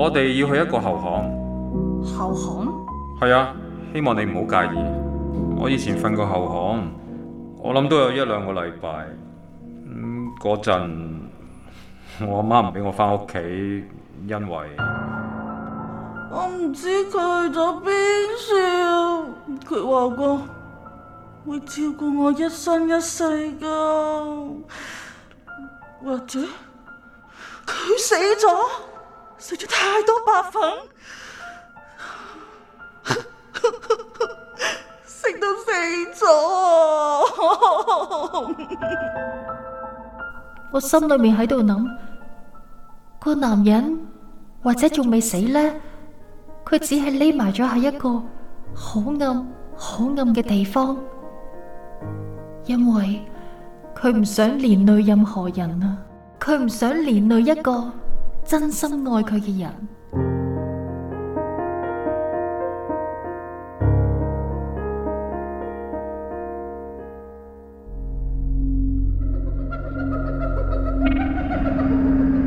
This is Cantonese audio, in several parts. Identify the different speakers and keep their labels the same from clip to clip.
Speaker 1: 我哋要去一個後巷。
Speaker 2: 後巷？
Speaker 1: 係啊，希望你唔好介意。我以前瞓過後巷，我諗都有一兩個禮拜。咁嗰陣我阿媽唔俾我翻屋企，因為
Speaker 2: 我唔知佢去咗邊處。佢話過會照顧我一生一世噶，或者佢死咗。食咗太多白粉，食到死咗。
Speaker 3: 我心裏面喺度諗，個男人或者仲未死呢，佢只係匿埋咗喺一個好暗、好暗嘅地方，因為佢唔想連累任何人啊，佢唔想連累一個。真心愛佢嘅人，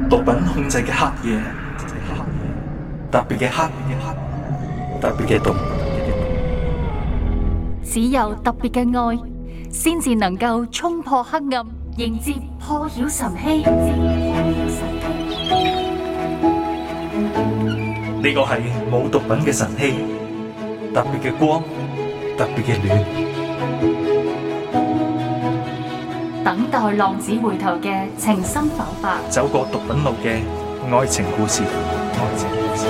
Speaker 4: 毒品控制嘅黑夜，特別嘅黑，特別嘅毒。
Speaker 3: 只有特別嘅愛，先至能夠衝破黑暗，迎接破曉晨曦。
Speaker 1: 呢個係冇毒品嘅晨曦，特別嘅
Speaker 4: 光，特別嘅暖。
Speaker 3: 等待浪子回頭嘅情深柳白。
Speaker 4: 走過毒品路嘅愛情
Speaker 1: 故事。愛情故事。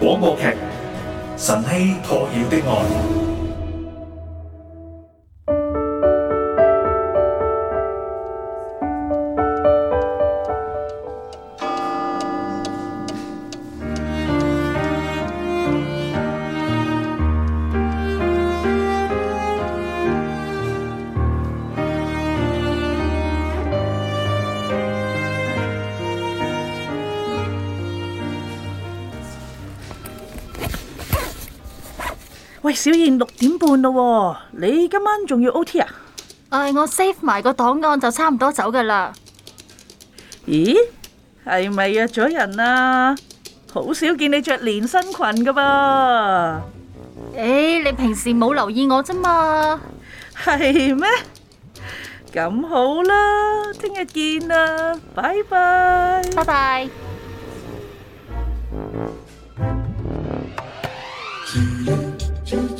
Speaker 3: 廣播劇《晨曦破曉的愛》。小燕六點半咯，你今晚仲要 OT 啊？哎，我 save 埋個檔案就差唔多走噶啦。
Speaker 2: 咦，
Speaker 3: 係咪約咗人啊？好少見你着連身裙噶噃。誒，你平時冇留意我啫嘛？係咩？咁好啦，聽日見啦，拜拜。拜拜。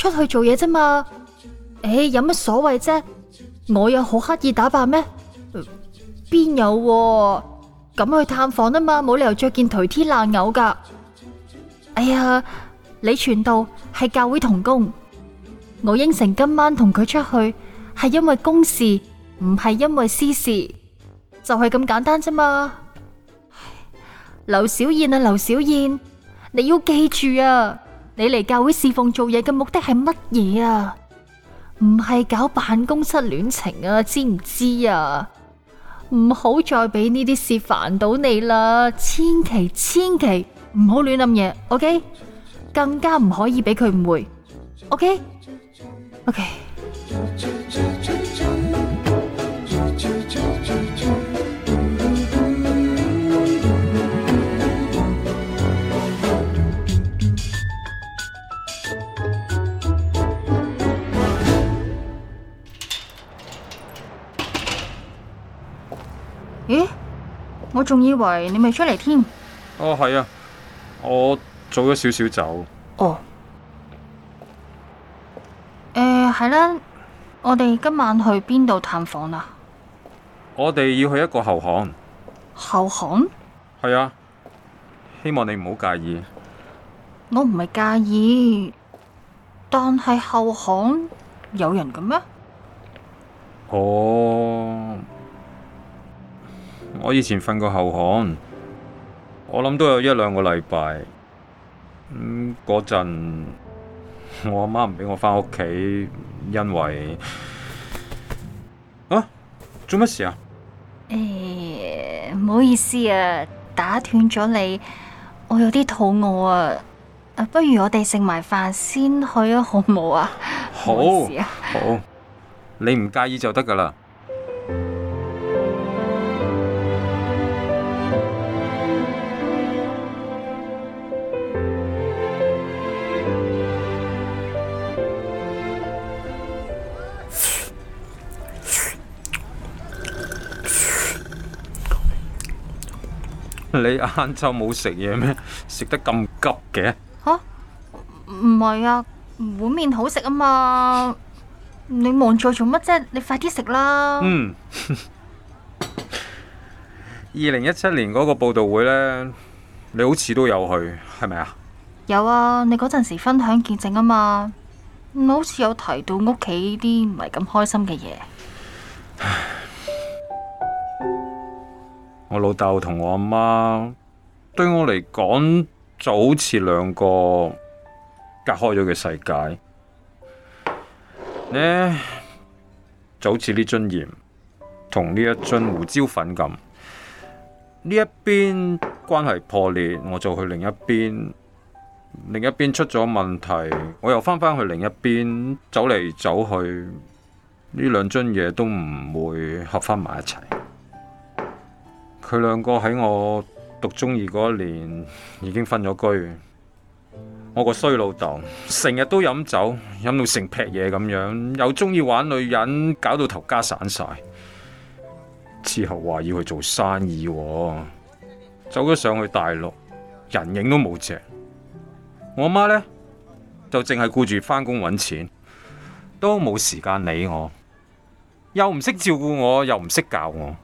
Speaker 3: 出去做嘢啫嘛，誒有乜所謂啫？我有好刻意打扮咩？邊有咁去探訪啊嘛，冇理由着件頹天爛牛噶。哎呀，李傳道係教會同工，我應承今晚同佢出去係因為公事，唔係因為私事，就係咁簡單啫嘛。劉小燕啊，劉小燕，你要記住啊！你嚟教會侍奉做嘢嘅目的係乜嘢啊？唔係搞辦公室戀情啊，知唔知啊？唔好再俾呢啲事煩到你啦，千祈千祈唔好亂諗嘢，OK？更加唔可以俾佢誤會，OK？OK？、OK? OK. 我仲以為你未出嚟添。
Speaker 1: 哦，係啊，我早咗少少走。
Speaker 3: 哦，誒、呃，係啦、啊，我哋今晚去邊度探訪啊？
Speaker 1: 我哋要去一個後巷。
Speaker 3: 後巷？
Speaker 1: 係啊，希望你唔好介意。
Speaker 3: 我唔係介意，但係後巷有人嘅咩？
Speaker 1: 哦。我以前瞓過後巷，我諗都有一兩個禮拜。咁嗰陣我阿媽唔俾我翻屋企，因為啊，做乜事啊？
Speaker 3: 誒、欸，唔好意思啊，打斷咗你，我有啲肚餓啊。啊，不如我哋食埋飯先去啊，好唔好啊？好，好，啊、
Speaker 1: 好，你唔介意就得噶啦。你晏晝冇食嘢咩？食得咁急嘅？
Speaker 3: 吓、啊？唔係啊，碗麵好食啊嘛。你望住做乜啫？你快啲食啦。
Speaker 1: 嗯，二零一七年嗰個報道會呢，你好似都有去，係咪啊？
Speaker 3: 有啊，你嗰陣時分享見證啊嘛，好似有提到屋企啲唔係咁開心嘅嘢。
Speaker 1: 我老豆同我阿媽對我嚟講就好似兩個隔開咗嘅世界，呢就好似呢樽鹽同呢一樽胡椒粉咁，呢一邊關係破裂，我就去另一邊；另一邊出咗問題，我又翻返去另一邊，走嚟走去，呢兩樽嘢都唔會合返埋一齊。佢兩個喺我讀中二嗰年已經分咗居了，我個衰老豆成日都飲酒，飲到成劈嘢咁樣，又鍾意玩女人，搞到頭家散晒。之後話要去做生意喎，走咗上去大陸，人影都冇隻。我阿媽咧就淨係顧住翻工搵錢，都冇時間理我，又唔識照顧我，又唔識教我。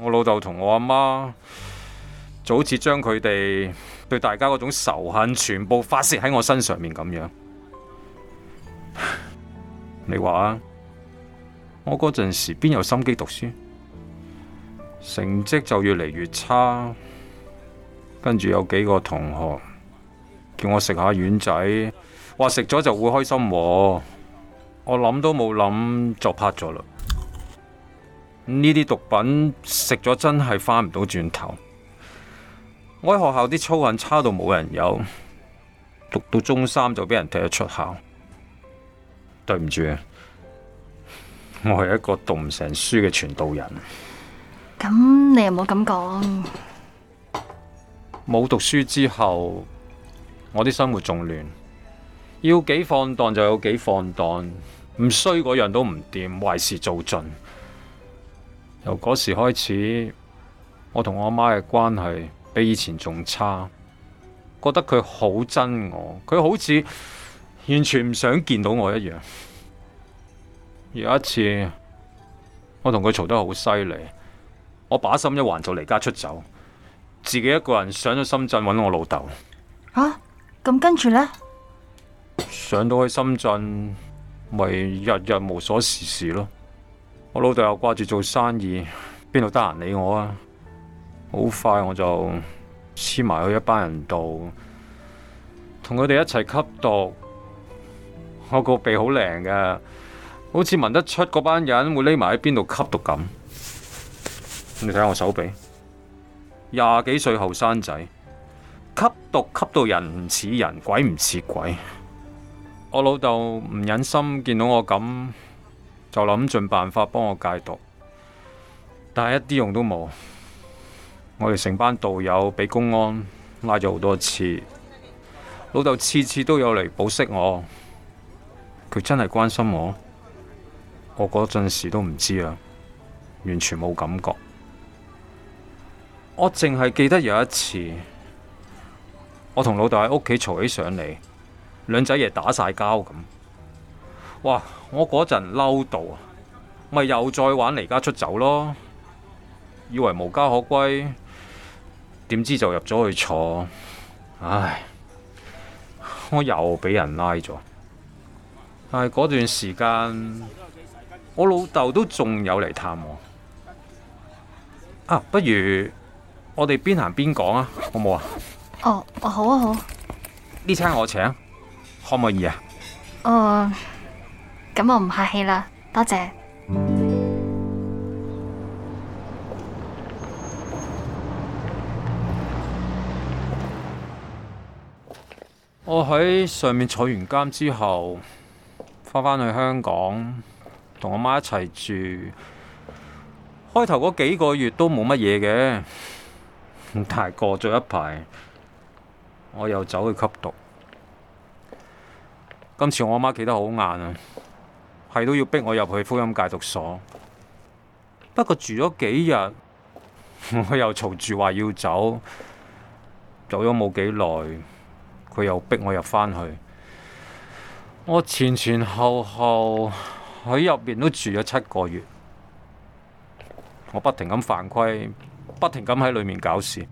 Speaker 1: 我老豆同我阿媽，就好似將佢哋對大家嗰種仇恨全部發泄喺我身上面咁樣。你話啊，我嗰陣時邊有心機讀書，成績就越嚟越差，跟住有幾個同學叫我食下丸仔，話食咗就會開心喎，我諗都冇諗就啪咗啦。呢啲毒品食咗真係返唔到轉頭。我喺學校啲操行差到冇人有，讀到中三就俾人踢咗出校。對唔住，我係一個讀唔成書嘅傳道人。
Speaker 3: 咁你又冇咁講。
Speaker 1: 冇讀書之後，我啲生活仲亂，要幾放蕩就有幾放蕩，唔衰嗰樣都唔掂，壞事做盡。由嗰時開始，我同我阿媽嘅關係比以前仲差，覺得佢好憎我，佢好似完全唔想見到我一樣。有一次，我同佢嘈得好犀利，我把心一橫就離家出走，自己一個人上咗深圳揾我老豆。
Speaker 3: 吓咁、啊、跟住呢？
Speaker 1: 上到去深圳咪日日無所事事咯。我老豆又掛住做生意，邊度得閒理我啊？好快我就黐埋去一班人度，同佢哋一齊吸毒。我個鼻好靚嘅，好似聞得出嗰班人會匿埋喺邊度吸毒咁。你睇下我手臂，廿幾歲後生仔吸毒吸到人唔似人，鬼唔似鬼。我老豆唔忍心見到我咁。就諗盡辦法幫我戒毒，但係一啲用都冇。我哋成班道友俾公安拉咗好多次，老豆次次都有嚟保釋我，佢真係關心我。我嗰陣時都唔知啊，完全冇感覺。我淨係記得有一次，我同老豆喺屋企嘈起上嚟，兩仔爺打晒交咁。哇！我嗰陣嬲到，咪又再玩離家出走咯，以為無家可歸，點知就入咗去坐，唉！我又俾人拉咗，但係嗰段時間，我老豆都仲有嚟探我。啊，不如我哋邊行邊講啊，好唔
Speaker 3: 好啊？哦哦，好啊好，
Speaker 1: 呢餐我請，可唔可以啊？哦、
Speaker 3: 呃。咁我唔客氣啦，多謝。
Speaker 1: 我喺上面坐完監之後，返返去香港同我媽一齊住。開頭嗰幾個月都冇乜嘢嘅，但係過咗一排，我又走去吸毒。今次我阿媽企得好硬啊！係都要逼我入去福音戒毒所，不過住咗幾日，我又嘈住話要走，走咗冇幾耐，佢又逼我入返去，我前前後後喺入邊都住咗七個月，我不停咁犯規，不停咁喺裏面搞事，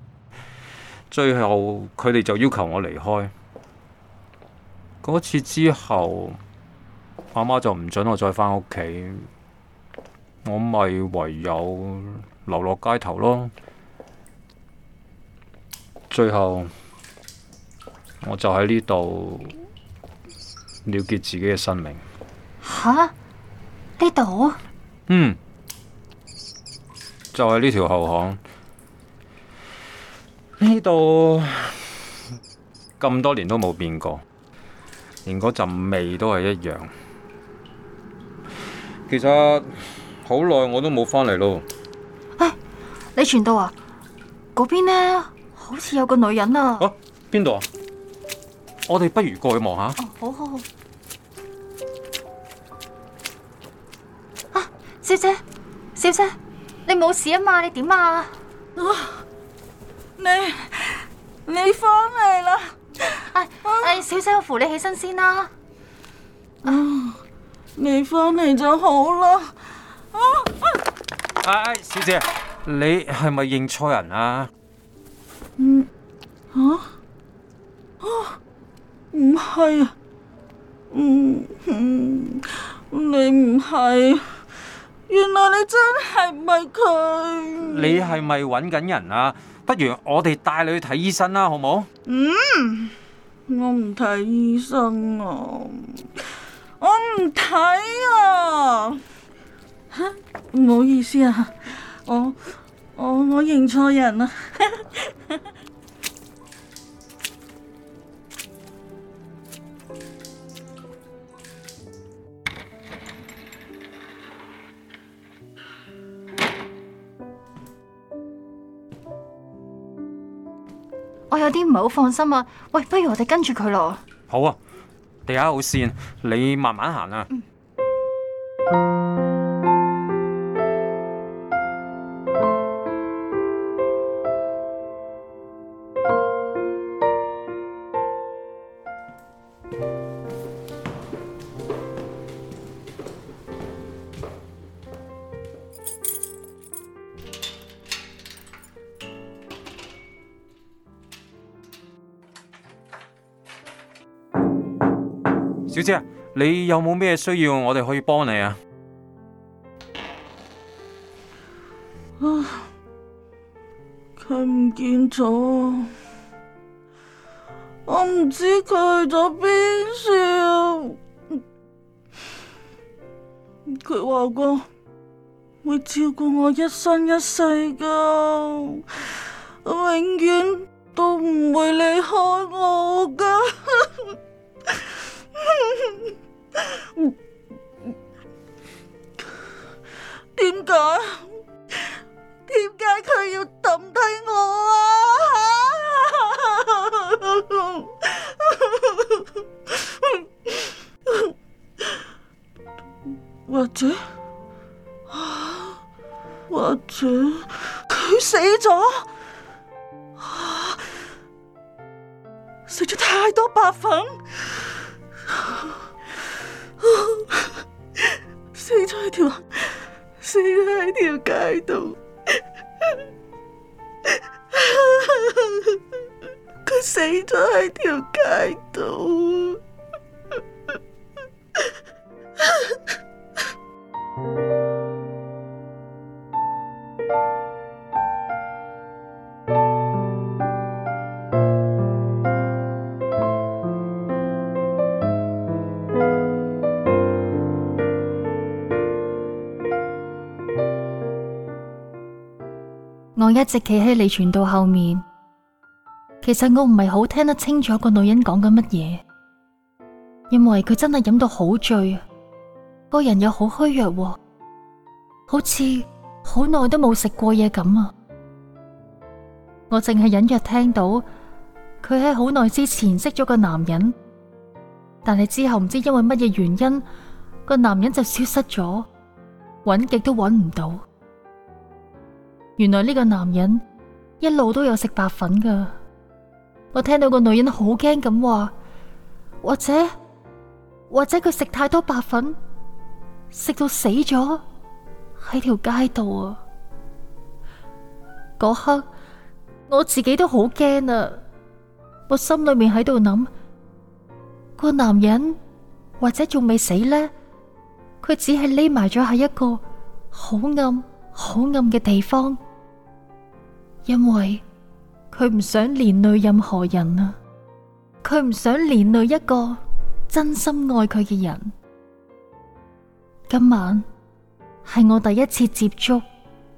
Speaker 1: 最後佢哋就要求我離開，嗰次之後。阿媽就唔准我再返屋企，我咪唯有流落街頭咯。最後我就喺呢度了結自己嘅生命。
Speaker 3: 吓？呢度？嗯，
Speaker 1: 就喺呢條後巷。呢度咁多年都冇變過，連嗰陣味都係一樣。其實好耐我都冇翻嚟咯。哎，
Speaker 3: 李傳道啊，嗰邊呢好似有個女人啊。
Speaker 1: 邊度啊？啊？我哋不如過去望下。哦，好好
Speaker 3: 好。啊，小姐，小姐，你冇事啊嘛？你點啊？啊？你，你翻嚟啦。哎，小姐，我扶你起身先啦。啊。嗯。
Speaker 2: 你翻嚟就好啦！
Speaker 1: 啊啊、哎！小姐，你係咪認錯人啊？嗯？啊？
Speaker 2: 啊？啊？嗯？嗯啊？唔係啊？嗯，你唔係，原來你真係咪佢。你係
Speaker 1: 咪揾緊人啊？不如我哋帶你去睇醫生啦，好唔好？嗯，
Speaker 2: 我唔睇醫生啊。我唔睇啊！吓，唔好意思啊，我我我認錯人啦。
Speaker 3: 我有啲唔係好放心啊。喂，不如我哋跟住佢咯。
Speaker 1: 好啊。地下好跣，你慢慢行啊。嗯 你有冇咩需要？我哋可以幫你啊。
Speaker 2: 啊、佢唔見咗，我唔知佢去咗邊處。佢話過會照顧我一生一世噶，永遠都唔會離開我噶。 點解？點解佢要抌低我啊？ 或者，或者佢死咗？食 咗太多白粉？ 哦、死咗喺條死咗喺條街度，佢、啊、死咗喺條街
Speaker 4: 度。
Speaker 3: 我一直企喺李泉道後面，其實我唔係好聽得清楚個女人講緊乜嘢，因為佢真係飲到好醉，個人又好虛弱，哦，好似好耐都冇食過嘢咁啊！我淨係隱約聽到佢喺好耐之前識咗個男人，但係之後唔知因為乜嘢原因，個男人就消失咗，揾極都揾唔到。原來呢個男人一路都有食白粉噶，我聽到個女人好驚咁話，或者，或者佢食太多白粉，食到死咗喺條街度啊！嗰刻我自己都好驚啊！我心裏面喺度諗，個男人或者仲未死呢？佢只係匿埋咗喺一個好暗、好暗嘅地方。因為佢唔想連累任何人啊，佢唔想連累一個真心愛佢嘅人。今晚係我第一次接觸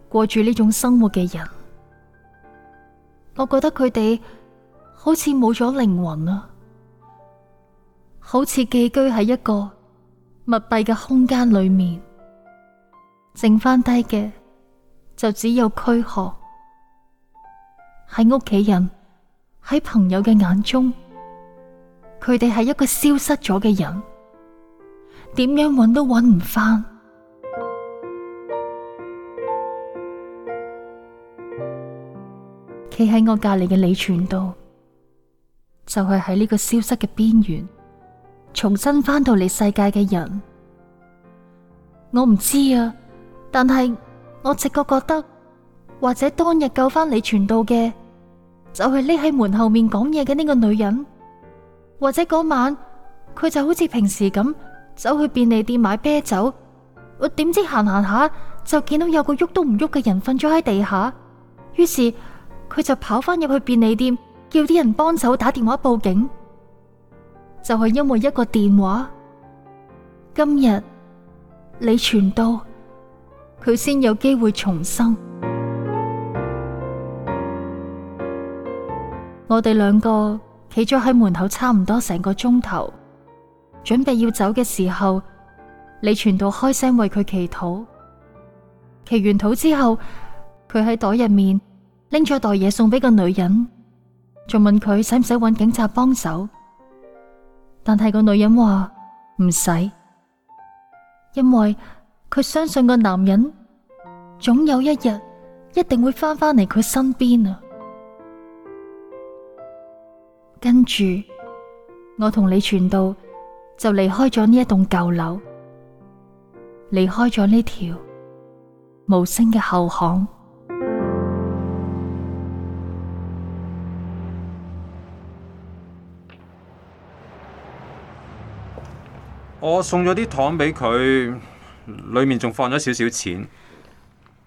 Speaker 3: 過住呢種生活嘅人，我覺得佢哋好似冇咗靈魂啊，好似寄居喺一個密閉嘅空間裏面，剩翻低嘅就只有軀殼。喺屋企人喺朋友嘅眼中，佢哋係一個消失咗嘅人，點樣揾都揾唔翻。企喺我隔籬嘅李傳道，就係喺呢個消失嘅邊緣，重新翻到你世界嘅人。我唔知啊，但係我直覺覺得，或者當日救翻李傳道嘅。就係匿喺門後面講嘢嘅呢個女人，或者嗰晚佢就好似平時咁走去便利店買啤酒，我點知行行下就見到有個喐都唔喐嘅人瞓咗喺地下，於是佢就跑翻入去便利店叫啲人幫手打電話報警。就係因為一個電話，今日你傳到佢先有機會重生。我哋兩個企咗喺門口差唔多成個鐘頭，準備要走嘅時候，李傳道開聲為佢祈禱，祈完禱之後，佢喺袋入面拎咗袋嘢送俾個女人，仲問佢使唔使揾警察幫手，但係個女人話唔使，因為佢相信個男人總有一日一定會翻返嚟佢身邊啊。跟住，我同你傳道，就離開咗呢一棟舊樓，離開咗呢條無聲嘅後巷。
Speaker 1: 我送咗啲糖俾佢，裏面仲放咗少少錢。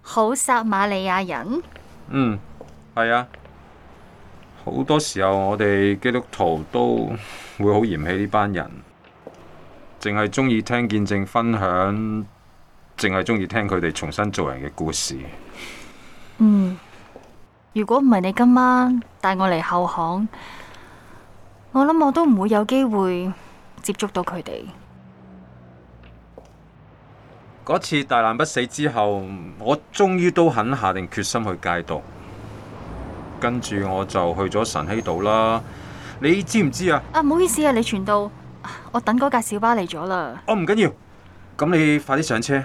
Speaker 3: 好撒瑪利亞人。
Speaker 1: 嗯，係啊。好多時候我哋基督徒都會好嫌棄呢班人，淨係中意聽見證分享，淨係中意聽佢哋重新做人嘅故事。
Speaker 3: 嗯，如果唔係你今晚帶我嚟後巷我諗我都唔會有機會接觸到佢哋。
Speaker 1: 嗰次大難不死之後，我終於都肯下定決心去戒毒。跟住我就去咗神溪島啦，你知唔知啊？啊，
Speaker 3: 唔好意思啊，你傳到我等嗰架小巴嚟咗啦。
Speaker 1: 哦，唔緊要，咁你快啲上車。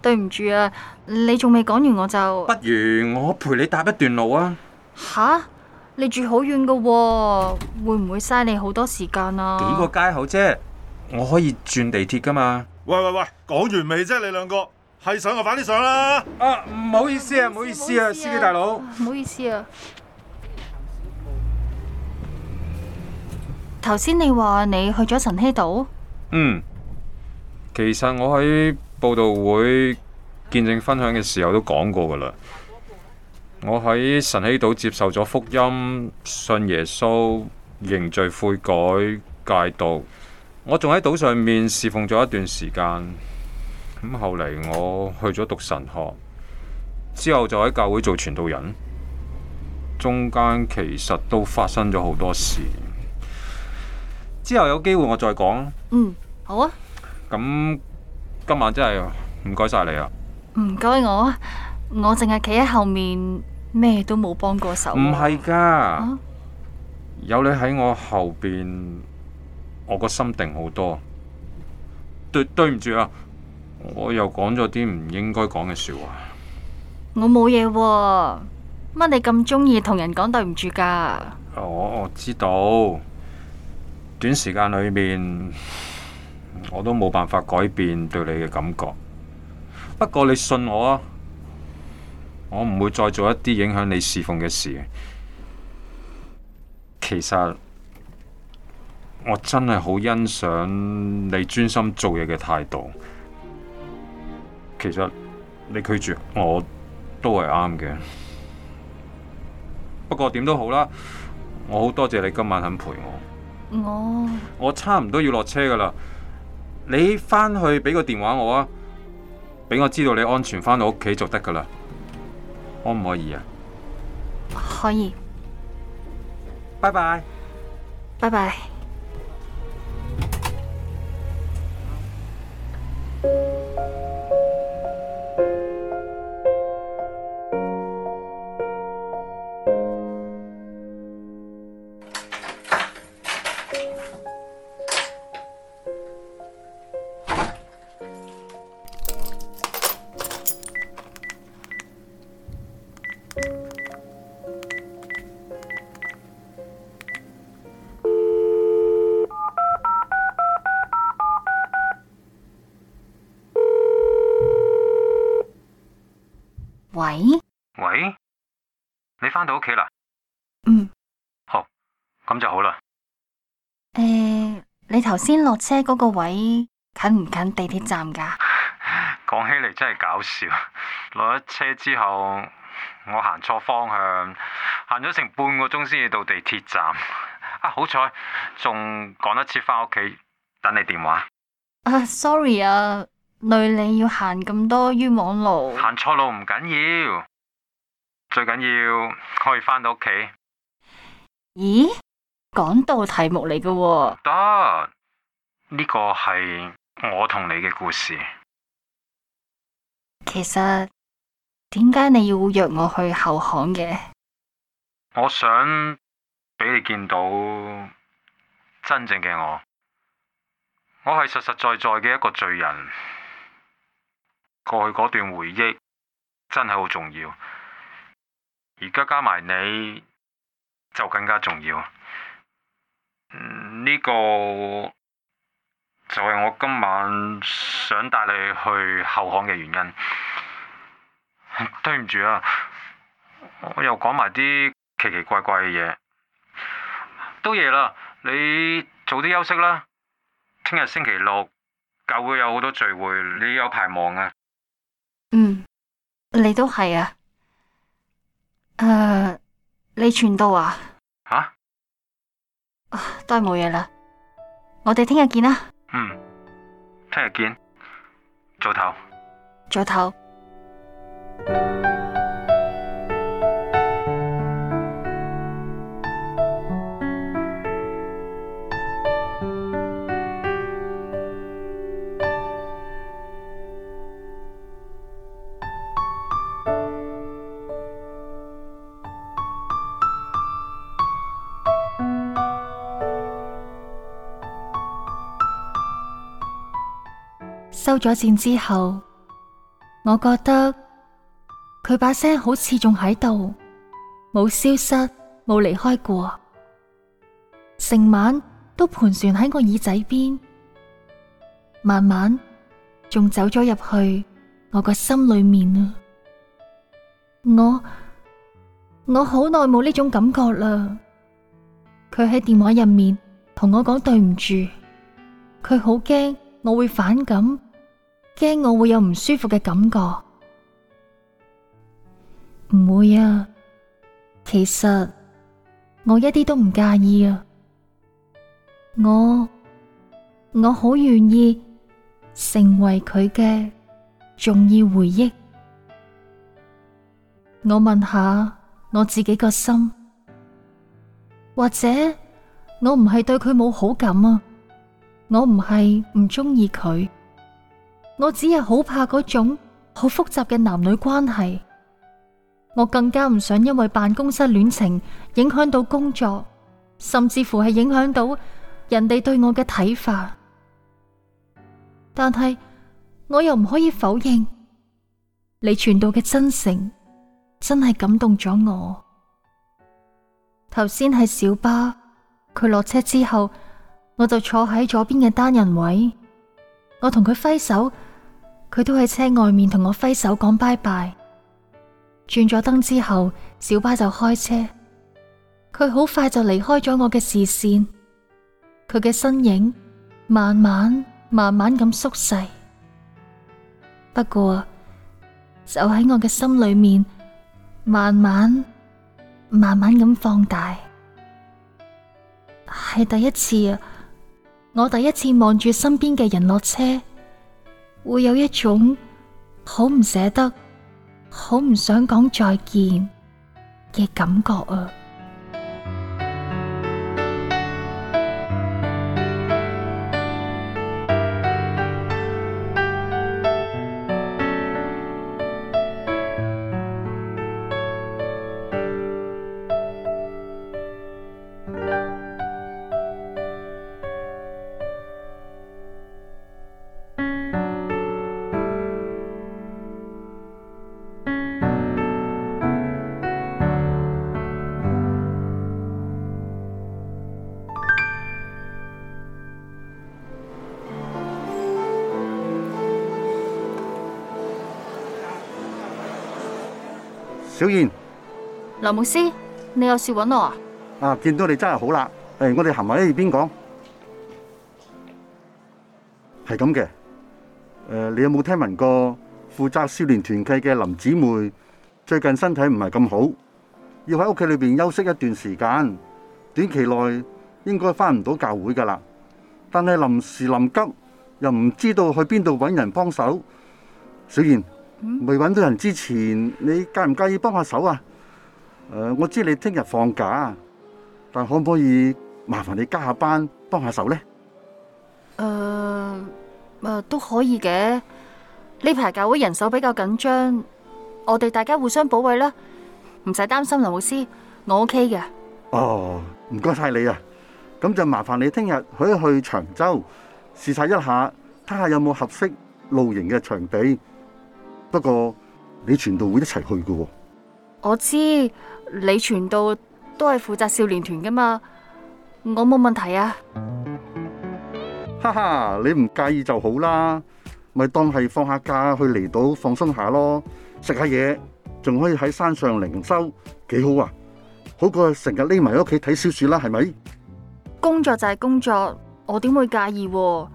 Speaker 3: 對唔住啊，你仲未講完我就……不
Speaker 1: 如我陪你搭一段路啊。
Speaker 3: 吓？你住好遠噶，會唔會嘥你好多時間啊？幾個
Speaker 1: 街口啫，我可以轉地鐵噶嘛。
Speaker 4: 喂喂喂，講完未啫？你兩個係上就快啲上啦。啊，唔好意思啊，唔好意思啊，司機大佬，唔好意思啊。
Speaker 3: 頭先你話你去咗晨曦島？
Speaker 1: 嗯，其實我喺報道會見證分享嘅時候都講過㗎喇。我喺晨曦島接受咗福音，信耶穌，認罪悔改，戒毒。我仲喺島上面侍奉咗一段時間。咁後嚟我去咗讀神學，之後就喺教會做傳道人。中間其實都發生咗好多事。之後有機會我再講。
Speaker 3: 嗯，好啊。
Speaker 1: 咁今晚真係唔該晒你啊！唔
Speaker 3: 該我，我淨係企喺後面，咩都冇幫過手。唔係
Speaker 1: 噶，啊、有你喺我後邊，我個心定好多。對對唔住啊，我又講咗啲唔應該講嘅說話。
Speaker 3: 我冇嘢、啊，乜你咁中意同人講對唔住噶？
Speaker 1: 我我知道。短時間裏面，我都冇辦法改變對你嘅感覺。不過你信我啊，我唔會再做一啲影響你侍奉嘅事。其實我真係好欣賞你專心做嘢嘅態度。其實你拒絕我都係啱嘅。不過點都好啦，我好多謝你今晚肯陪我。我我差唔多要落車噶啦，你翻去俾個電話我啊，俾我知道你安全翻到屋企就得噶啦，可唔可以啊？
Speaker 3: 可以。拜拜，拜拜。頭先落車嗰個位近唔近地鐵站噶
Speaker 1: 講起嚟真係搞笑，落咗車之後我行錯方向，行咗成半個鐘先至到地鐵站。啊，好彩仲趕得切翻屋企等你電話。
Speaker 3: 啊、uh，sorry 啊，累你要行咁多冤枉路，
Speaker 1: 行錯路唔緊要，最緊要可以翻到屋企。
Speaker 3: 咦，講到題目嚟嘅，啊，
Speaker 1: 得。呢個係我同你嘅故事。
Speaker 3: 其實點解你要約我去後巷嘅？
Speaker 1: 我想俾你見到真正嘅我。我係實實在在嘅一個罪人。過去嗰段回憶真係好重要。而家加埋你就更加重要。呢、嗯呢個。就係我今晚想帶你去後巷嘅原因。對唔住啊，我又講埋啲奇奇怪怪嘅嘢。都夜啦，你早啲休息啦。聽日星期六教會有好多聚會，你有排忙啊。嗯，
Speaker 3: 你都係啊。誒、呃，你全到啊？吓、啊？都係冇嘢啦。我哋聽日見啦。
Speaker 1: 嗯，聽日見，早唞，
Speaker 3: 早唞安。收咗線之後，我覺得佢把聲好似仲喺度，冇消失，冇離開過。成晚都盤旋喺我耳仔邊，慢慢仲走咗入去我個心裏面啊！我我好耐冇呢種感覺啦。佢喺電話入面同我講對唔住，佢好驚我會反感。驚我會有唔舒服嘅感覺，唔會啊！其實我一啲都唔介意啊！我我好願意成為佢嘅重要回憶。我問下我自己個心，或者我唔係對佢冇好感啊？我唔係唔中意佢。我只係好怕嗰種好複雜嘅男女關係，我更加唔想因為辦公室戀情影響到工作，甚至乎係影響到人哋對我嘅睇法。但係我又唔可以否認，你傳道嘅真誠真係感動咗我。頭先喺小巴，佢落車之後，我就坐喺左邊嘅單人位，我同佢揮手。佢都喺車外面同我揮手講拜拜，轉咗燈之後，小巴就開車，佢好快就離開咗我嘅視線，佢嘅身影慢慢慢慢咁縮細，不過就喺我嘅心裏面慢慢慢慢咁放大，係第一次啊，我第一次望住身邊嘅人落車。會有一種好唔捨得、好唔想講再見嘅感覺啊！小燕，劉牧師，你有事搵我
Speaker 4: 啊？啊，見到你真係好啦。誒，我哋行埋一邊講，係咁嘅。誒，你有冇聽聞過負責少年團契嘅林姊妹最近身體唔係咁好，要喺屋企裏邊休息一段時間，短期內應該翻唔到教會噶啦。但係臨時臨急又唔知道去邊度搵人幫手，小燕。未搵到人之前，你介唔介意幫下手啊？誒、呃，我知你聽日放假，但可唔可以麻煩你加下班幫下手呢？誒
Speaker 3: 誒、呃呃，都可以嘅。呢排教會人手比較緊張。我哋大家互相保衛啦，唔使擔心，林老師，我 O K 嘅。
Speaker 4: 哦，唔該晒你啊！咁就麻煩你聽日可以去長洲視察一下，睇下有冇合適露營嘅場地。不過你全道會一齊去噶。哦，
Speaker 3: 我知你全道都係負責少年團噶嘛，我冇問題啊！
Speaker 4: 哈哈，你唔介意就好啦，咪當係放下假去離島放鬆下咯，食下嘢，仲可以喺山上靈修，幾好啊！好過成日匿埋喺屋企睇小說啦，係咪？
Speaker 3: 工作就係工作，我點會介意啊？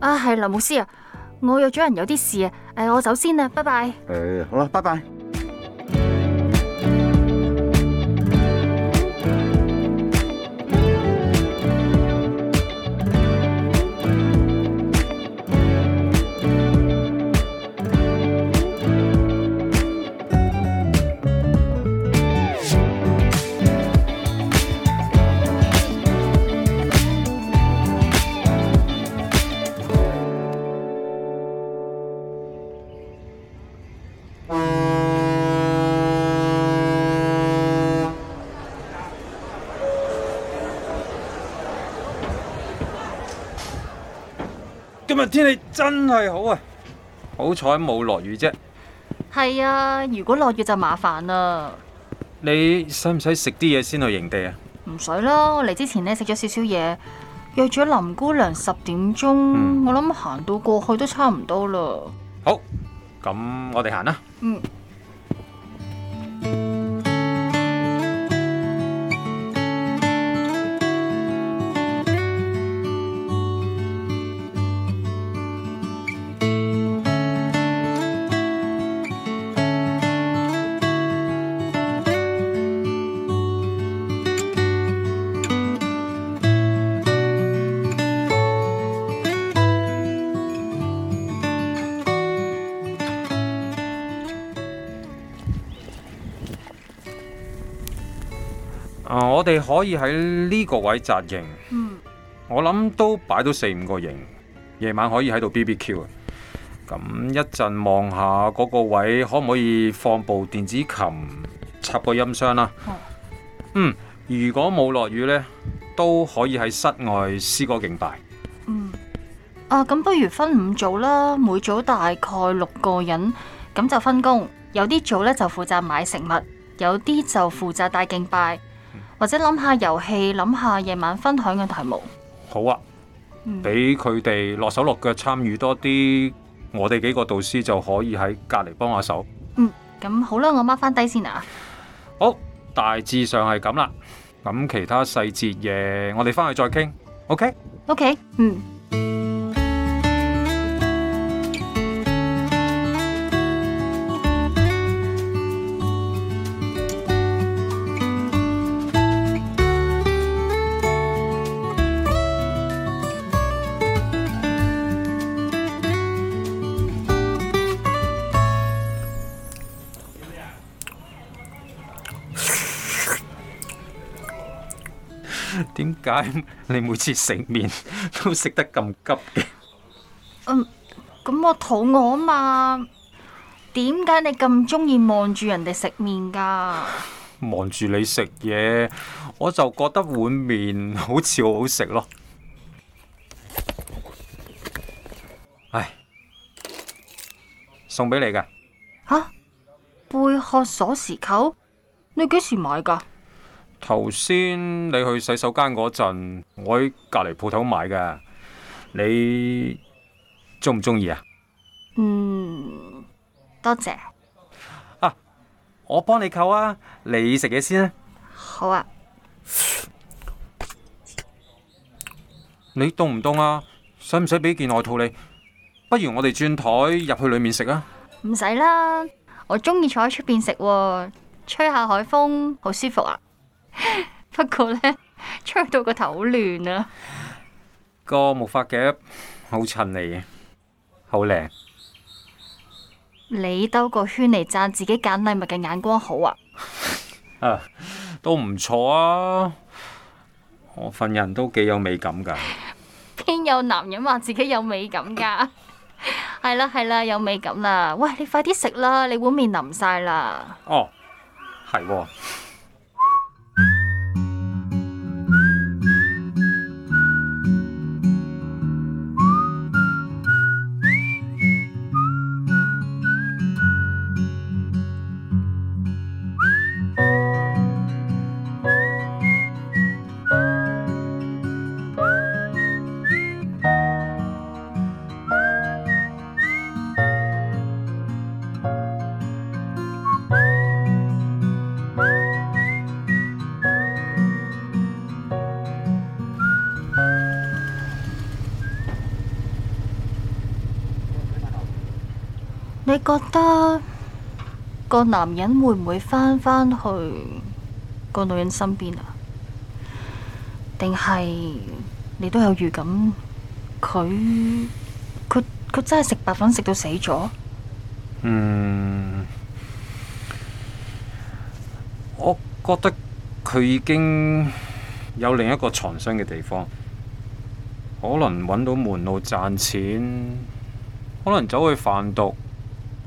Speaker 3: 啊，係林牧師啊！我約咗人有啲事啊！誒、呃，我走先啦，拜拜。
Speaker 4: 誒、欸，好啦，拜拜。
Speaker 1: 天氣真係好啊，好彩冇落雨啫。
Speaker 3: 係啊，如果落雨就麻煩啦。
Speaker 1: 你使唔使食啲嘢先去營地啊？
Speaker 3: 唔使囉，我嚟之前呢，食咗少少嘢，約咗林姑娘十點鐘，嗯、我諗行到過去都差唔多啦。
Speaker 1: 好，咁我哋行啦。嗯。
Speaker 3: 嗯
Speaker 1: 我哋可以喺呢個位紮營，嗯、我諗都擺到四五個營。夜晚可以喺度 BBQ 啊。咁一陣望下嗰個位，可唔可以放部電子琴，插個音箱啦？嗯，如果冇落雨呢，都可以喺室外施個敬拜。嗯，
Speaker 3: 啊，咁不如分五組啦，每組大概六個人，咁就分工。有啲組呢，就負責買食物，有啲就負責帶敬拜。或者諗下遊戲，諗下夜晚分享嘅題目。好啊，
Speaker 1: 俾佢哋落手落腳參與多啲，我哋幾個導師就可以喺隔籬幫下手。
Speaker 3: 嗯，咁好啦，我 mark 翻低先啊。
Speaker 1: 好，大致上係咁啦。咁其他細節嘢，我哋翻去再傾。OK？OK？、
Speaker 3: OK? Okay, 嗯。
Speaker 1: 點解你每次食麵都食得咁急嘅？
Speaker 3: 嗯，咁我肚餓啊嘛。點解你咁鍾意望住人哋食麵噶？
Speaker 1: 望住你食嘢，我就覺得碗麵好似好好食咯。唉，送俾你噶。吓，
Speaker 3: 貝殼鎖匙扣，你幾時買噶？
Speaker 1: 頭先你去洗手間嗰陣，我喺隔籬鋪頭買㗎。你中唔中意啊？嗯，
Speaker 3: 多謝
Speaker 1: 啊！我幫你扣啊，你食嘢先啊。
Speaker 3: 好啊。
Speaker 1: 你凍唔凍啊？使唔使俾件外套你？不如我哋轉台入去裏面食啊？
Speaker 3: 唔使啦，我中意坐喺出邊食，吹下海風，好舒服啊！不過呢，吹到個頭好亂啊！
Speaker 1: 個木髮夾好襯你嘅，好靚。
Speaker 3: 你兜個圈嚟讚自己揀禮物嘅眼光好啊！啊，
Speaker 1: 都唔錯啊！我份人都幾有美感噶。
Speaker 3: 邊有男人話自己有美感噶？係啦係啦，有美感啦！喂，你快啲食啦，你碗麵淋晒啦。
Speaker 1: 哦，係。
Speaker 3: 你覺得個男人會唔會返返去個女人身邊啊？定係你都有預感？佢佢佢真係食白粉食到死咗？嗯，
Speaker 1: 我覺得佢已經有另一個藏身嘅地方，可能揾到門路賺錢，可能走去販毒。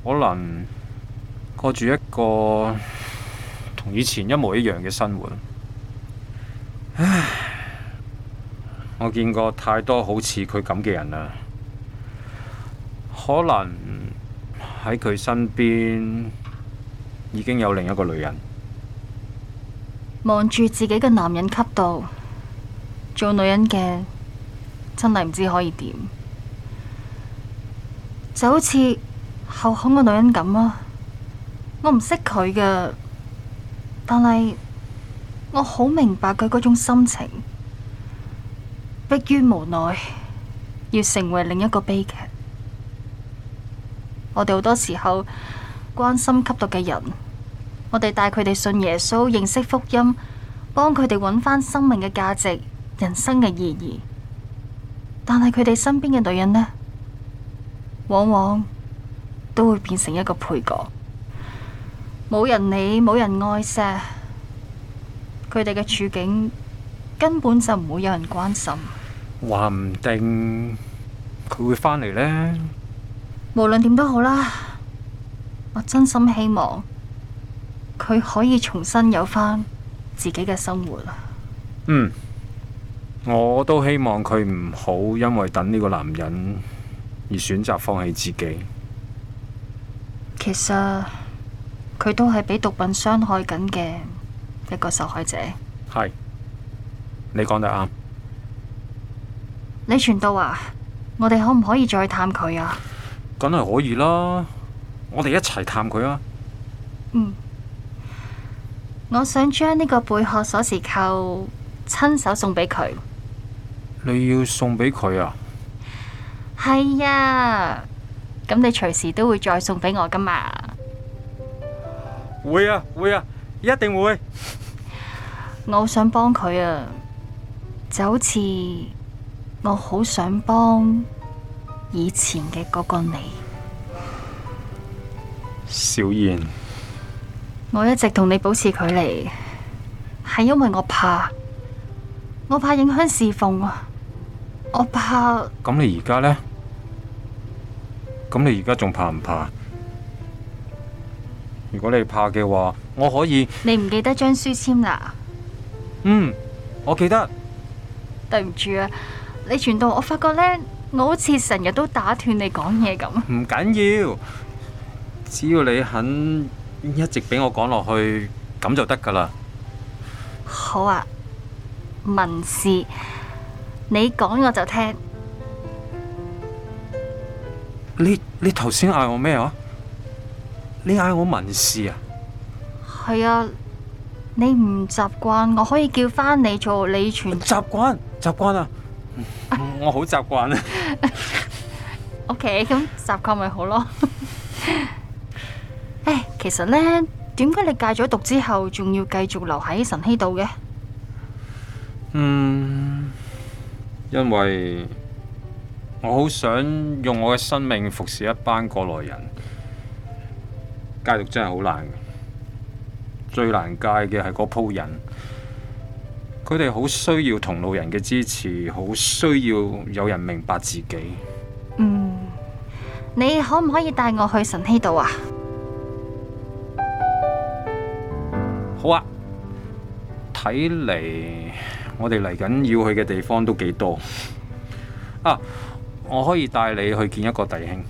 Speaker 1: 可能過住一個同以前一模一樣嘅生活。唉，我見過太多好似佢咁嘅人啦。可能喺佢身邊已經有另一個女人。
Speaker 3: 望住自己嘅男人吸毒，做女人嘅真係唔知可以點，就好似……後恐嘅女人咁啊，我唔識佢嘅，但係我好明白佢嗰種心情，迫於無奈要成為另一個悲劇。我哋好多時候關心吸毒嘅人，我哋帶佢哋信耶穌，認識福音，幫佢哋揾翻生命嘅價值、人生嘅意義，但係佢哋身邊嘅女人呢，往往……都會變成一個配角，冇人理，冇人愛錫佢哋嘅處境，根本就唔會有人關心。
Speaker 1: 話唔定佢會返嚟呢？
Speaker 3: 無論點都好啦，我真心希望佢可以重新有翻自己嘅生活。嗯，
Speaker 1: 我都希望佢唔好因為等呢個男人而選擇放棄自己。
Speaker 3: 其實佢都係俾毒品傷害緊嘅一個受害者。
Speaker 1: 係，你講得啱。
Speaker 3: 李全道啊，我哋可唔可以再探佢啊？
Speaker 1: 梗係可以啦，我哋一齊探佢啊。嗯，
Speaker 3: 我想將呢個貝殼鎖匙扣親手送俾佢。
Speaker 1: 你要送俾佢啊？
Speaker 3: 係啊。咁你隨時都會再送俾我噶嘛？
Speaker 1: 會啊，會啊，一定會。
Speaker 3: 我好想幫佢啊，就好似我好想幫以前嘅嗰個你。
Speaker 1: 小燕，
Speaker 3: 我一直同你保持距離，係因為我怕，我怕影響侍奉啊，我怕。
Speaker 1: 咁你而家呢？咁你而家仲怕唔怕？如果你怕嘅話，我可以。
Speaker 3: 你唔記得張書簽啦？嗯，
Speaker 1: 我記得。
Speaker 3: 對唔住啊，你傳到我發覺咧，我好似成日都打斷你講嘢咁。
Speaker 1: 唔緊要，只要你肯一直俾我講落去，咁就得噶啦。
Speaker 3: 好啊，文事，你講我就聽。
Speaker 1: 你你頭先嗌我咩啊？你嗌我，我文士啊？
Speaker 3: 係啊，你唔習慣，我可以叫翻你做李全。習慣習慣啊，啊
Speaker 1: 我好習慣啊 okay,
Speaker 3: 習慣好習慣啊。O K，咁習慣咪好咯。唉，其實咧，點解你戒咗毒之後，仲要繼續留喺晨曦度嘅？嗯，
Speaker 1: 因為。我好想用我嘅生命服侍一班過來人，戒毒真係好難嘅，最難戒嘅係嗰鋪人，佢哋好需要同路人嘅支持，好需要有人明白自己。
Speaker 3: 嗯，你可唔可以帶我去神希度啊？好
Speaker 1: 啊，睇嚟我哋嚟緊要去嘅地方都幾多啊！我可以帶你去見一個弟兄，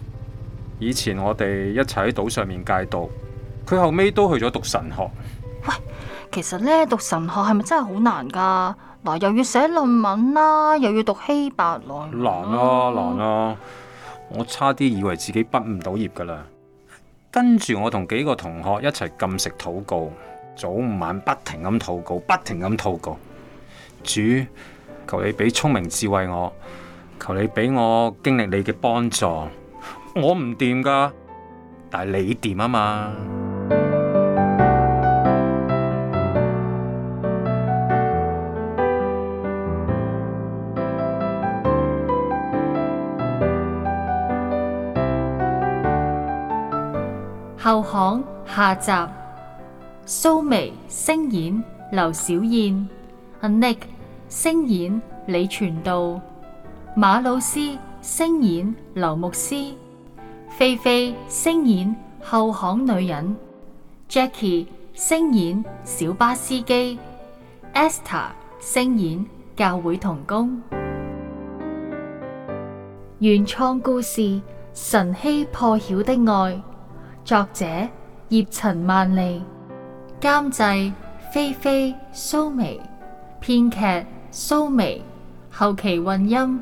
Speaker 1: 以前我哋一齊喺島上面戒毒，佢後尾都去咗讀神學。
Speaker 3: 喂，其實咧讀神學係咪真係好難噶？嗱，又要寫論文啦，又要讀希伯來
Speaker 1: 啦。難啦，難啦，嗯！我差啲以為自己畢唔到業噶啦。
Speaker 3: 跟
Speaker 1: 住我同幾個同學一齊禁食禱告，早午晚不停咁禱告，不停咁禱告。主，求你俾聰明智慧我。求你俾我經歷你嘅幫助，我唔掂噶，但係你掂啊嘛。
Speaker 3: 後巷下集，蘇眉聲演劉小燕，阿 Nick 聲演李傳道。馬老師聲演劉牧師，菲菲聲演後巷女人，Jackie 聲演小巴司機，Esther 聲演教會同工。原創故事《晨曦破曉的愛》，作者葉陳萬里，監製菲菲蘇眉，編劇蘇眉，後期混音。